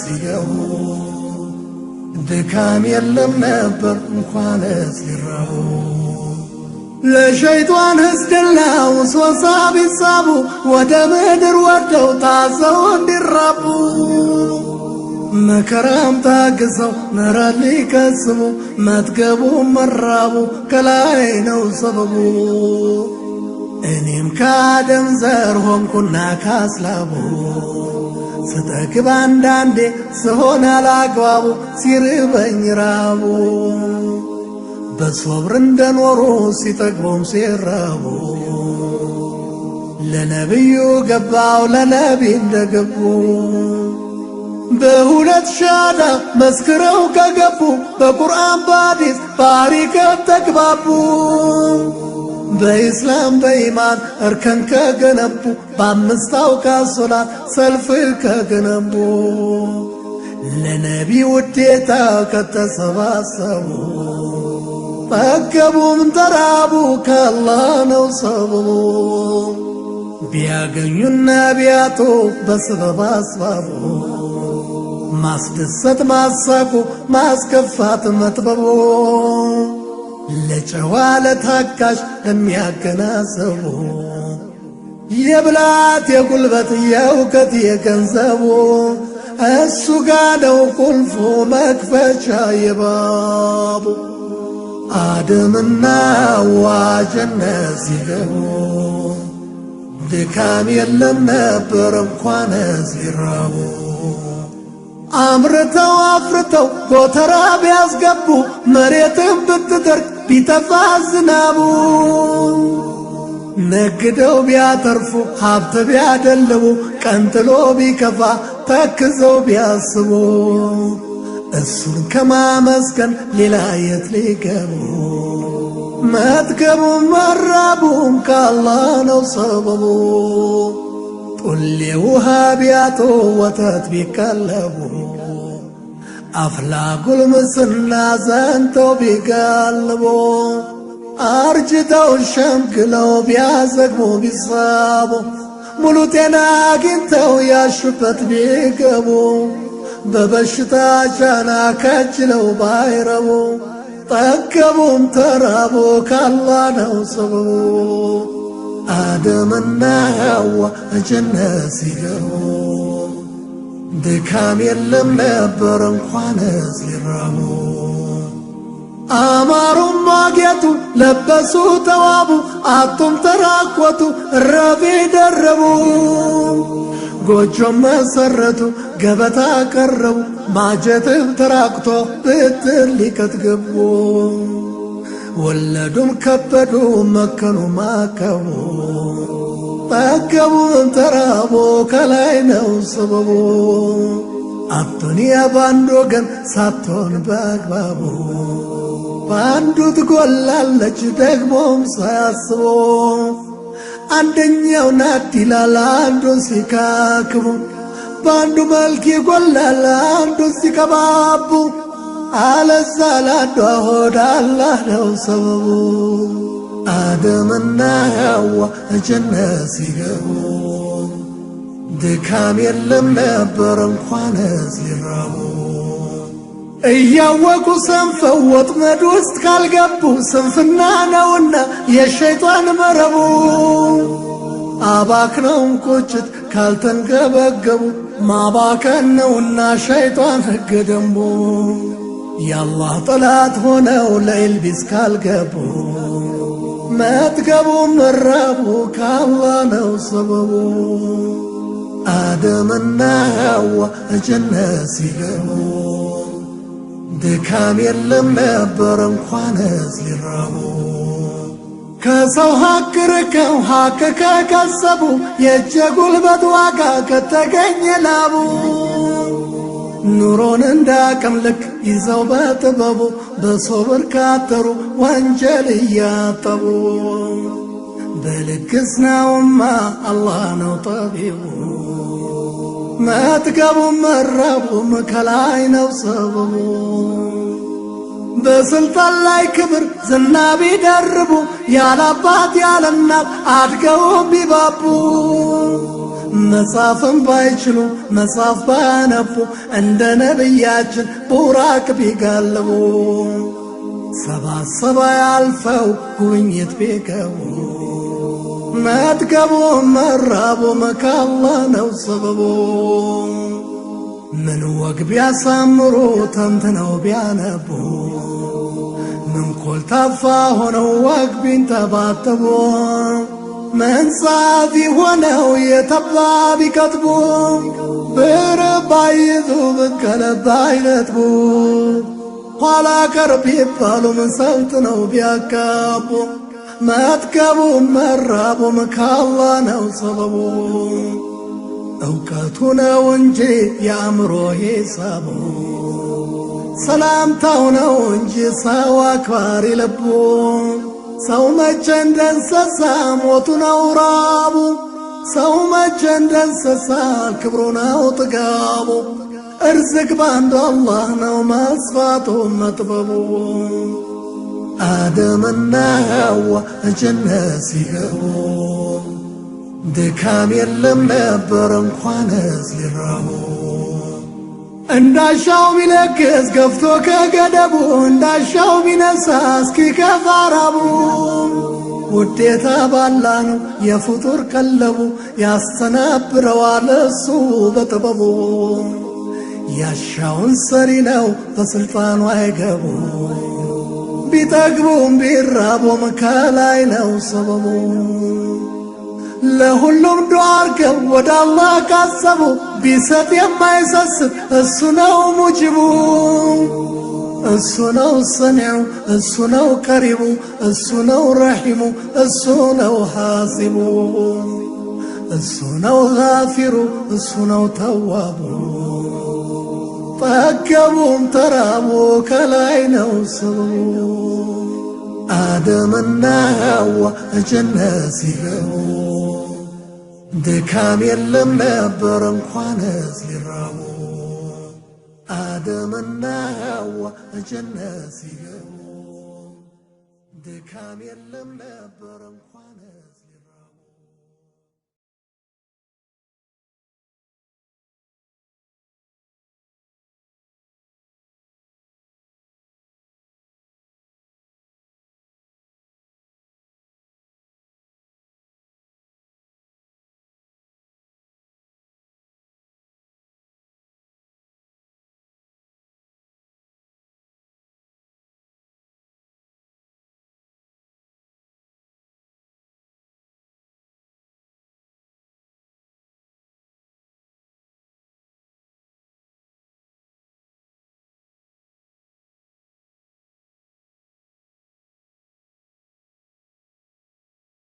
ሲገቡ ድካም የለም ነበር እንኳን ሲራቡ ለሸይጧን እስድላው ሶሳ ቢሳቡ ወደ ምድር ወርደው ታዘው እንዲራቡ መከራም ታግሰው ምሕረት ሊቀስሙ መጥገቡ መራቡ ከላይ ነው ሰበቡ። እኔም ካደም ዘር ሆንኩና ካስላቡ ስጠግብ አንዳንዴ ስሆን አላግባቡ ሲርበኝ ራቡ በሶብር እንደኖሩ ሲጠግቦም ሲራቡ ለነቢዩ ገባው ለነቢ እንደገቡ በሁለት ሻዳ መስክረው ከገቡ በቁርአን ባዲስ ባሪከብ ተግባቡ በኢስላም በኢማን እርከን ከገነቡ በአምስታው ካሶላት ሰልፍ ከገነቡ ለነቢ ውዴታ ከተሰባሰቡ ጠገቡም ተራቡ ከአላህ ነው ሰበቡ ቢያገኙና ቢያቶ በስበብ አስባቡ ማስደሰት ማሳቁ ማስከፋት መጥበቡ ለጨዋ ለታካሽ የሚያገናዘቡ የብላት የጉልበት የእውቀት የገንዘቡ እሱ ጋ ነው ቁልፉ መክፈቻ የባቡ አደምና ዋጀ እነዚህ ደግሞ ድካም የለም ነበር እንኳን ዚራቡ አምርተው አፍርተው ጎተራ ቢያስገቡ መሬትን ብትደርቅ ቢተፋ ዝናቡ ነግደው ቢያተርፉ ሀብት ቢያደልቡ ቀንጥሎ ቢከፋ ተክዘው ቢያስቡ እሱን ከማመስገን ሌላ የት ሊገቡ? መጥገቡም መራቡም ካላ ነው ሰበቡ። كلها بياتو وتتبكلبو أفلاق المسنة زنتو بقلبو أرجدو شمكلو مو بصابو ملو تناك انتو يا شفت بيقبو ببشتا جانا كجلو بايربو طقبو ترابو كالله نوصبو አደምና ሐዋ ጀነት ሲገቡ ድካም የለም ነበር እንኳንስ ሊራቡ። አማሩም ማጌጡ ለበሱ ተዋቡ፣ አጡም ተራኮቱ እረፊ ደረቡ። ጎጆም መሰረቱ ገበታ ቀረቡ፣ ማጀትም ተራቅቶ ብትር ሊቀት ገቡ። ወለዱም ከበዱ መከኑ ማከቡ ጠገቡም ተራቦ ከላይ ነው ስበቡ አብዱንያ በአንድ ወገን ሳትሆን በአግባቡ በአንዱ ትጎላለች ደግሞም ሳያስቦ አንደኛው ናት ይላል አንዱን ሲካክቡ በአንዱ መልክ ይጎላል አንዱን ሲከባቡ አለዛ ላዷ ሆድ አላህ ነው ሰበቡ። አደምና ሐዋ ጀነት ሲገቡ ድካም የለም ነበር እንኳንስ ሊራቡ። እያወቁ ሰንፈው ወጥመድ ውስጥ ካልገቡ ስንፍና ነውና የሸይጣን መረቡ። አባክነውን ቁጭት ካልተንገበገቡ ማባከን ነውና ሸይጣን ሕገ ደንቡ። የአላህ ጠላት ሆነው ለኢልቢስ ካልገቡ መጥገቡ መራቡ ካላ ነው ሰበቡ። አደምና ሐዋ እጀነት ሲገቡ ድካም የለም ነበር እንኳንስ ሊራቡ። ከሰው ሀቅ ርቀው ሀቅ ከቀሰቡ የእጀ ጉልበት ዋጋ ከተገኘ ላቡ ኑሮን እንዳቅም ልክ ይዘው በጥበቡ በሰው በርካተሩ ወንጀል እያጠቡ በልግስናውማ አላህ ነው ጠቢቡ። መጥገቡም መራቡም ከላይ ነው ሰበቡ። በስልጣን ላይ ክብር ዝና ቢደርቡ ያላባት ያለናት አድገው ቢባቡ መጻፍም ባይችሉ መጻፍ ባያነቡ እንደ ነቢያችን ቡራቅ ቢጋልቡ ሰባ ሰባ ያልፈው ጉብኝት ቢገቡ መጥገቡ መራቡ መካላ ነው ሰበቡ ምን ወግ ቢያሳምሩ ተምትነው ቢያነቡ ምን ኮልታፋ ሆነው ወግ ቢንተባተቡ መንጻት ሆነው የተባ ቢከትቡ ብርባ ይዙ ብከለባ አይነትቡ ኋላ ቀር ቢባሉ ምን ሰውት ነው ቢያጋቡ መትገቡ መራቡ ምካዋ ነው ሰበቡ እውቀቱ ነው እንጂ የአእምሮ ሂሳቡ ሰላምታው ነው እንጂ ሰው አክባሪ ልቡ ሰው መቼ እንደ እንስሳ ሞቱ ነው ራቡ። ሰው መቼ እንደ እንስሳ ክብሩ ነው ጥጋቡ። እርዝግ ባንዱ አላህ ነው መስፋቱ መጥበቡ። አደምና ሐዋ ጀነት ሲገቡ ድካም የለም ነበር እንኳንስ ሲራቡ እንዳሻው ቢለክስ ገፍቶ ከገደቡ እንዳሻው ቢነሳ እስኪከፋ ከፋራቡ ውዴታ ባላ ነው የፍጡር ቀለቡ ያስተናብረዋል እሱ በጥበቡ ያሻውን ሰሪ ነው በስልጣኑ አይገቡ ቢጠግቡም ቢራቡም ከላይ ነው ሰበቡ لهلوم دعارك ودى الله كاسبو بيسات يما يسسب السنو مجبو السنو صنعو السنو كريمو السنو رحيمو السنو حاسبو السنو غافرو السنو توابو فاكبون ترابو كالعين وصلو آدم النهوى جنة سيبو ድካም የለም ነበር እንኳንስ ሊራቡ አደምና ሐዋ ጀነት ሲገቡ ድካም የለም ነበር እንኳን